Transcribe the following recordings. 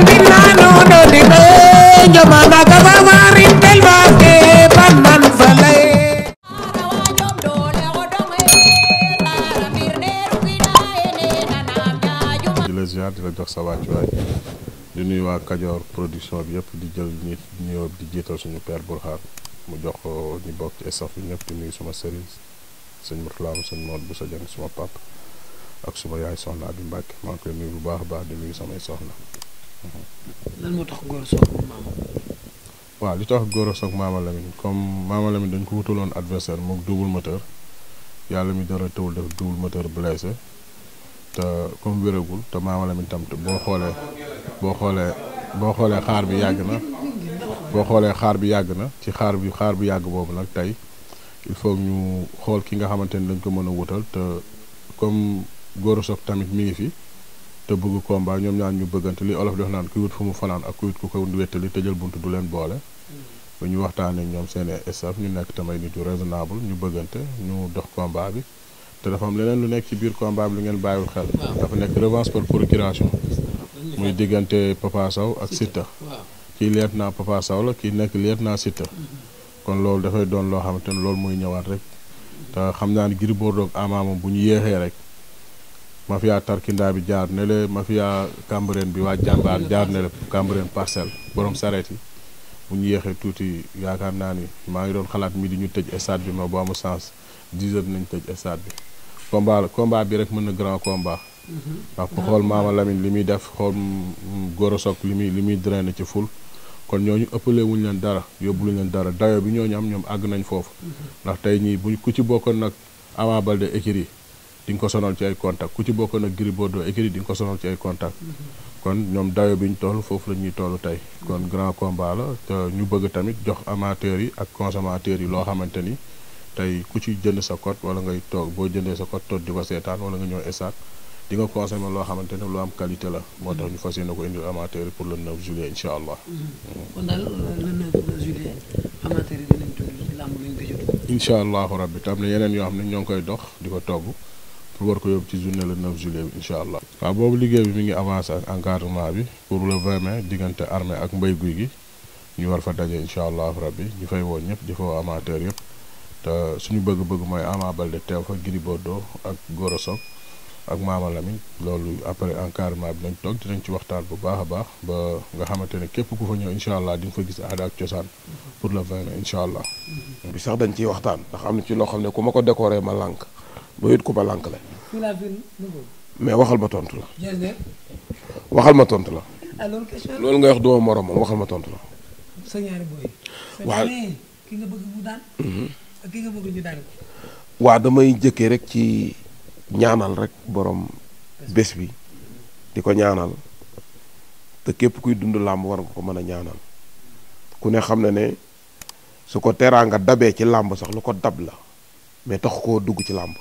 di di nuyu waa Kajoor production bi yëpp di jël nit nuyoo di jiital suñu père Bourkhane mu jox ñu bokk ci staff bi ñëpp di nuyu suma sëriñ sëñ Mourtala sëñ Maodo Boussa Dieng suma papa ak suma yaay soxna Abi Mbacke maa ngi nuyu bu baax baax di nuyu soxna. lan moo tax waaw li tax góor soog maama Lamine comme maama Lamine dañ ko wutaloon adversaire moom double moteur yàlla mi dara tawul def double moteur blessé te comme wéragul te maama Lamine tam boo xoolee boo xoolee boo xoolee xaar bi yàgg na boo xoolee xaar bi yàgg na ci xaar bi xaar bu yàgg boobu nag tey il faut ñu xool ki nga xamante ni dañ ko mën a wutal te comme góor soog tamit mi ngi fi. te bëgg combat ñoom ñaan ñu bëggante li olof def naan ku wut fu mu fanaan ak ku wut ku ko wettali te jël bunt du leen boole mm. bu ñu waxtaanee ñoom seeni staff ñu nekk tamay nit yu raisonnable ñu bëggante ñu dox combat bi te dafa am leneen lu nekk ci biir combat bi lu ngeen bàyyiwul xel dafa nekk revanche par procuration muy diggante Papa Sow ak Siteu kii leet naa Papa Sow la kii nekk leet naa Siteu mm-hmm. kon loolu dafay doon loo xamante ne loolu mooy ñëwaat rek te xam naa ne Gris Bordeaux moom bu ñu yéexee rek mafia tarkinda bi jaar ne le mafia Cambérène bi waa jàmbaar jaar ne le Cambérène parcelle borom sareet yi bu yéexee tuuti yaakaar naa ni maa ngi doon xalaat mi di ñu tëj stade bi ma bu amu sens 10 heures nañ tëj stade bi combat kombaal bi rek mën na grand combat mm-hmm. ndax ku xool Maama Lamine li muy def xool Goro Sock li muy li muy drainer ci ful kon ñooñu ëppale wuñ leen dara yóbbu luñ leen dara dayo bi ñooñu am ñoom àgg nañ foofu mm-hmm. ndax tey ñii buñ ku ci bokkoon nag Ama Baldé di ko sonal ci ay contact ku ci bokkoon ak Gris Bordeaux écrit di ko sonal ci ay contact kon ñom dayo biñ toll fofu la ñuy toll tay kon grand combat la te ñu bëgg tamit jox amateur yi ak consommateur yi lo xamanteni tay ku ci jënd sa code wala ngay toog bo jëndé sa code toog di ko sétane wala nga ñëw esaat di nga consommer lo xamanteni lu am qualité la mo tax ñu fassé nako indi amateur pour le 9 juillet inshallah mm-hmm. kon dal euh, le 9 juillet amateur yi dinañ tudd ci làmb luñ ko jot. incha rabbi tam na yeneen yoo xam ne koy dox diko togg. war ko yóbbu ci journée le 9 juillet bi incha allah. waaw boobu liggéey bi mu ngi avancé ak encadrement bi pour la 20 mai diggante armée ak mbay guy gi ñu war fa daje incha allah rabbi ñu fay woon ñëpp di fa woo amateur yëpp te suñu bëgg-bëgg mooy Ama Baldé teew fa Gris Bordeaux ak Gora Sock ak Maama Lamine loolu après encadrement bi nañ toog dinañ ci waxtaan bu baax a baax ba nga xamante ne képp ku fa ñëw incha allah di nga fa gis aada ak cosaan pour le vingt incha allah. bi sax dañ ciy waxtaan ndax am ci loo xam ne ku ma ko décoré ma lànk ba it ku ma lànk la mais waxal ma tontu la. waxal ma tontu la. loolu nga wax duma moromam waxal ma tontu la. sa mhm. damay jëkkee rek ci ñaanal rek borom bés bi di ko ñaanal te képp kuy dund làmb war nga ko mën a ñaanal ku ne xam na ne su ko teraanga dabee ci làmb sax lu ko dab la mais tax koo dugg ci làmb.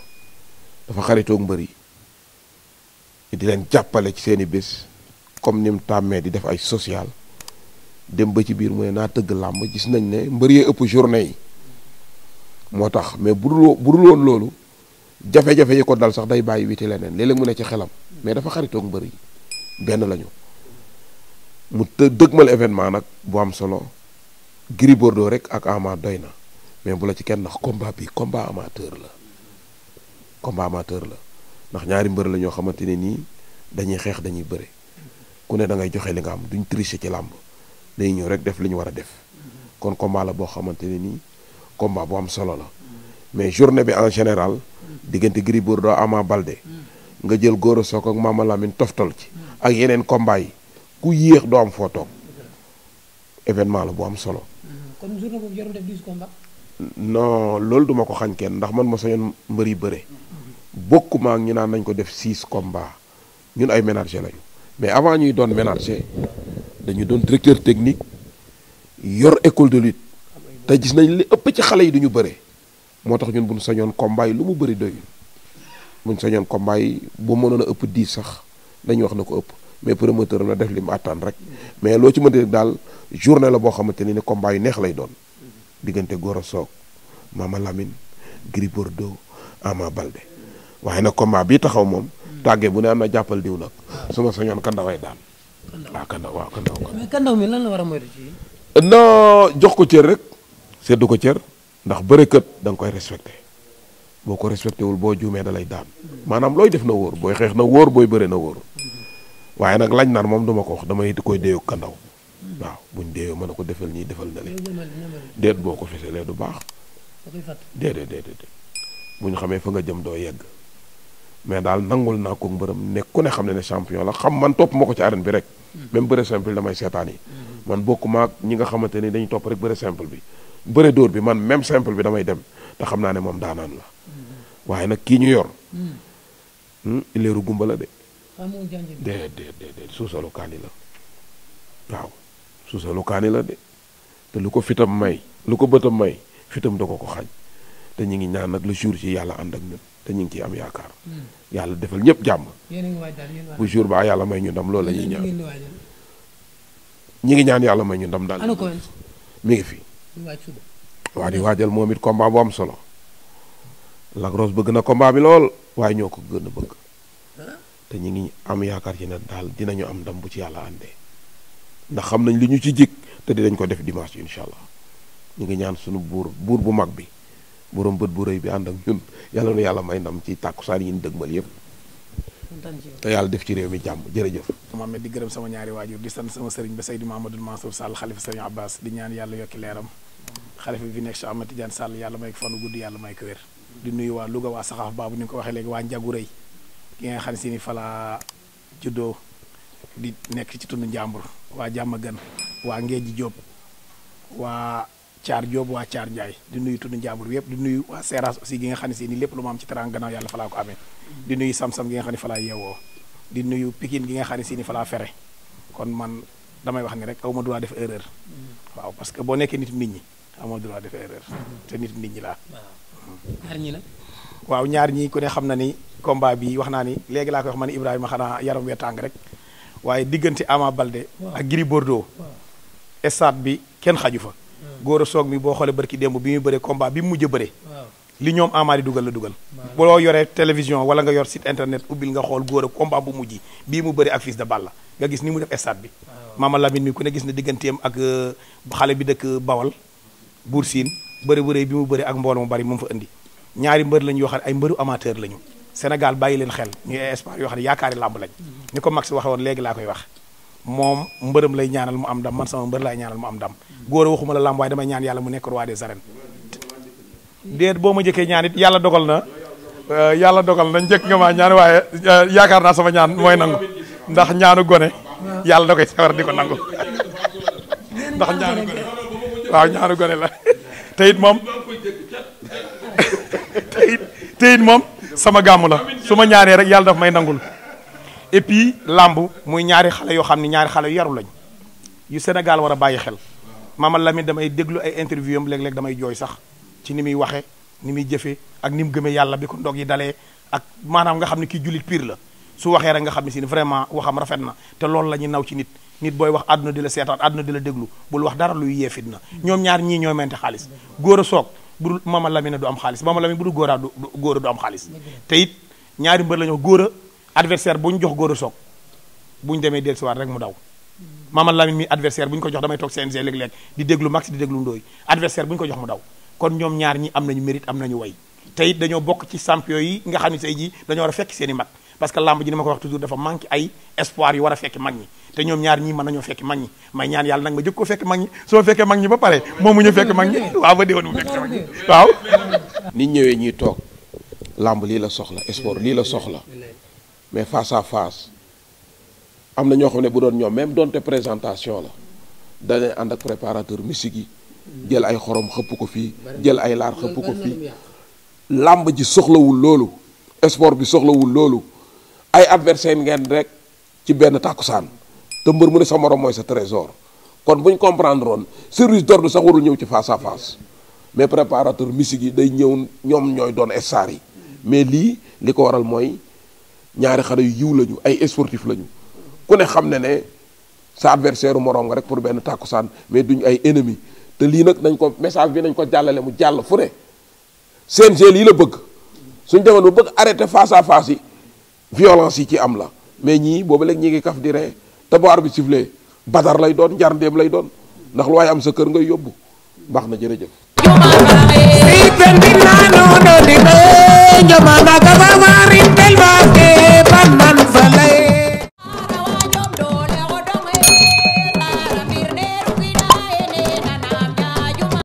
dafa xaritoog mbër yi di leen jàppale ci seeni bés comme ni mu tàmmee di def ay social dem ba ci biir mu ne naa tëgg làmb gis nañ ne mbër yee ëpp journée yi moo tax mais bu dul bu dul woon loolu jafe-jafe yi ko dal sax day bàyyi witi leneen léeg-léeg mu ne ci xelam mais dafa xaritoog mbër yi benn lañu mu të dëgmal événement nag bu am solo Gris Bordeaux rek ak Ama doy na mais bu la ci kenn ndax combat bi combat amateur la combat amateur la ndax ñaari mbeur la ño xamanteni ni dañuy xex dañuy beure ku ne da ngay joxe li nga am duñ tricher ci lamb day rek def li ñu def kon combat la bo xamanteni ni combat bu am solo la mais journée bi en général diggante Gris do Ama balde, nga jël goro sok ak Mama Lamine toftol ci ak yeneen combat yi ku yéex do am fo tok événement la bu am solo. kon journée bu jarul def 10 combat. non lolou duma ko xagn ken ndax man ma mbeuri bokk ak ñu naan nañ ko def six combats ñun ay ménager lañu mais avant ñuy doon ménager dañu doon directeur technique yor école de lutte te gis nañ li ëpp ci xale yi du ñu moo tax ñun bu ñu sañoon combat lu mu bëri doy bu ñu sañoon combat yi bu mënoon a ëpp dix sax dañuy wax na ko ëpp mais promoteur la def li àttan rek mais loo ci mënti daal journée la boo xamante ni ne combat yu neex lay doon diggante Gora Sock Mama Lamine Gris Bordeaux Ama Baldé waaye nag combat bii taxaw moom. tàggee bu ne am na jàppal diw nag. su ma sañoon kandaway daal. Ah, waaw kandaw waaw kandaw mais jox ko cër rek. seddu ko cër ndax bërekat da nga koy respecté boo ko respecté wul boo juumee da lay daan maanaam looy def na wóor booy xeex na wóor booy bëre na wóor waaye nag lañ nar moom duma ko wax damay koy déeyoog kandaw waaw buñ déeyoo mën a ko defal ñii defal na le déet boo ko lee du baax déedéet déedéet buñ xamee fa nga jëm doo yegg mais dal nangul na ko mbeureum ne ku ne xamne champion la xam man top moko ci arène bi rek hmm. même beure simple damay seetaan yi hmm. man bokuma ak ñi nga xamanteni dañuy rek beure simple bi beure dóor bi man même simple bi damay dem ta xamna ne mom daanan la hmm. waye nak ki ñu yor leeru gumba la de déedéet déedéet suusalu kaani la waaw suusalu kaani la de te luko fitam may luko ko bëtam may fitam da ko ko xaj te ñi ngi ñaan nak le jour ci yalla and ak ñun te ñu ngi ciy am yaakaar. yàlla defal ñëpp jàmm. bu jour yàlla may ñu ndam loolu la ñuy ñaan. ngi ñaan yàlla may ñu ndam daal. mi ngi fi. waa di waajal moom it combat bu am solo. Lac bëgg na combat bi lool waaye ñoo ko gën a bëgg. Ah. te ñu ngi am yaakaar ci ne daal dinañu am ndam bu ci yàlla ànde ndax xam nañ li ñu ci jik te dinañ ko def dimanche incha allah ñu ngi ñaan sunu buur buur bu mag bi. borom bët bu rëy bi ànd ak ñun yàlla nu yàlla may ndam ci tàkkusaan yi ñu dëgmal yëpp te yàlla def ci réew mi jàmm jërëjëf Mohamed di gërëm sama ñaari waajur di sant sama sëriñ ba Seydou Mahamadou Mansour Sall xalifa sëriñ Abbas di ñaan yàlla yokki leeram xalifa bi fi nekk Cheikh Ahmed Tidiane Sall yàlla may ko fanu gudd yàlla may ko wér di nuyu waa Louga waa saxaaf baabu ni nga ko waxee léegi waa njagu rëy ki nga xam ne si ni falaa juddoo di nekk ci tund njàmbur waa jàmm waa ngeeji jóob waa Caar Joob waa Caar Njaay di nuyu tudd njaambur bi yëpp di nuyu waa aussi gi nga xam ne si ni lépp lu ma am ci teranga gannaaw yàlla falaa ko amee di nuyu sam-sam gi nga xam falaa yeewoo di nuyu Pikine gi nga xam ne si ni falaa fere kon man damay wax ni rek aw ma droit def erreur waaw parce que boo nekkee nit nit ñi amoo droit def erreur te nit nit ñi laa ñi nag waaw ñaar ñi ko ne xam na ni combat bii wax naa ni léegi laa koy wax ma ne Ibrahima xanaa yaram wee rek waaye diggante Ama Balde ak Gris bi kenn xaju fa Mm. góor a soog mi boo xoolee barki démb bi muy bëre combat bi mu mujj bëre li ñoom amaari dugal la dugal boo yore télévision wala nga yor site internet ubbil nga xool góor komba combat bu mujj bii mu bëri ak Fils de Balla nga gis ni mu def stade bi Mama Lamine mi ku ne gis na digganteem ak euh, xale bi dëkk Bawal Buur Siin bëri bëri bi mu bëri ak mbooloo mu bari moom fa indi ñaari mbër lañu yoo xam ne ay mbëru amateur lañu Sénégal bàyyi leen xel ñuy ay espoir yoo xam ne yaakaari làmb lañ mm-hmm. ko Max waxe woon léegi laa koy wax moom mbërëm lay ñaanal mu am dam man sama mbër lay ñaanal mu am ndam góor a waxuma la làmb waaye damay ñaan yàlla mu nekk roi des arènes boo ma njëkkee ñaan yàlla dogal na euh, yàlla dogal na njëkk nga maa ñaan waaye euh, yaakaar naa sama ñaan mooy nangu ndax ñaanu gone yàlla da koy sawar di ko nangu ndax ñaanu gone waaw ñaanu gone la te moom te it moom sama gàmmu la su ma ñaanee rek yàlla daf may nangul et puis làmb muy ñaari xale yoo xam ne ñaari xale yu yaru lañ yu Sénégal war a bàyyi xel Mama Lamine damay déglu ay interview am léeg damay jooy sax ci ni muy waxe ni muy jëfee ak ni mu gëmee yàlla bi ko ndog yi dalee ak maanaam nga xam ne kii jullit piir la su waxee rek nga xam ne si vraiment waxam rafet na te loolu la ñuy naw ci nit nit booy wax àdduna di la seetaan àdduna di la déglu bul wax dara luy yeefit na ñoom ñaari ñii ñoo mente xaalis góor a soog budul Mama Lamine du am xaalis Mama Lamine budul góoraa du góor a du xaalis te adversaire bu ñu jox góor a soog bu ñu demee dellusiwaat rek mu daw Mama Lamine mi adversaire bu ñu ko jox damay toog CNG léeg-léeg di déglu max di déglu ndooy adversaire bu ñu ko jox mu daw kon ñoom ñaar ñi am nañu mérite am nañu way te dañoo bokk ci champion yi nga xam ne say ji dañoo war fekk seen mag parce que lamb ji ni ma ko wax toujours dafa manqué ay espoir a fekki te ñoom ñaar ñii mën nañoo fekki mag ñi may ñaan yàlla nag ma jëkk ko fekk mag ñi soo fekkee mag ñi ba pare moom mu ñu fekk mag ñi ñëwee ñuy toog lamb lii la soxla sport lii la soxla mais face à face am na ñoo xam ne bu doon ñoom même donte présentation la danañ ànd ak préparateur musique yi jël ay xorom xëpp ko fii jël ay laar xëpp ko fii làmb ji soxlawul loolu sport bi soxlawul loolu ay adversaire ngeen rek ci benn tàkkusaan te mbër mu ne sa morom mooy sa trésor kon buñ ñu comprendre woon service d'ordre sax warul ñëw ci face à face mais préparateur musique yi day ñëw ñoom ñooy doon star yi mais lii li ko waral mooy ñaari xale yu yiw lañu ay sportif lañu ku ne xam ne ne sa adversaire moroom nga rek pour benn tàkkusaan mais duñ ay ennemi te lii nag nañ ko message bi nañ ko jàllale mu jàll fu ne CNG lii la bëgg suñ demoon ba bëgg arrêté face à face yi violence yi ci am la mais ñii boobu léegi ñi ngi kaf di ree te bu arbitre bi sifflé badar lay doon njarndeem lay doon ndax lu waaye am sa kër ngay yóbbu baax na jërëjëf ferdinando no di me yo manda que va a barrir del bosque pan man falei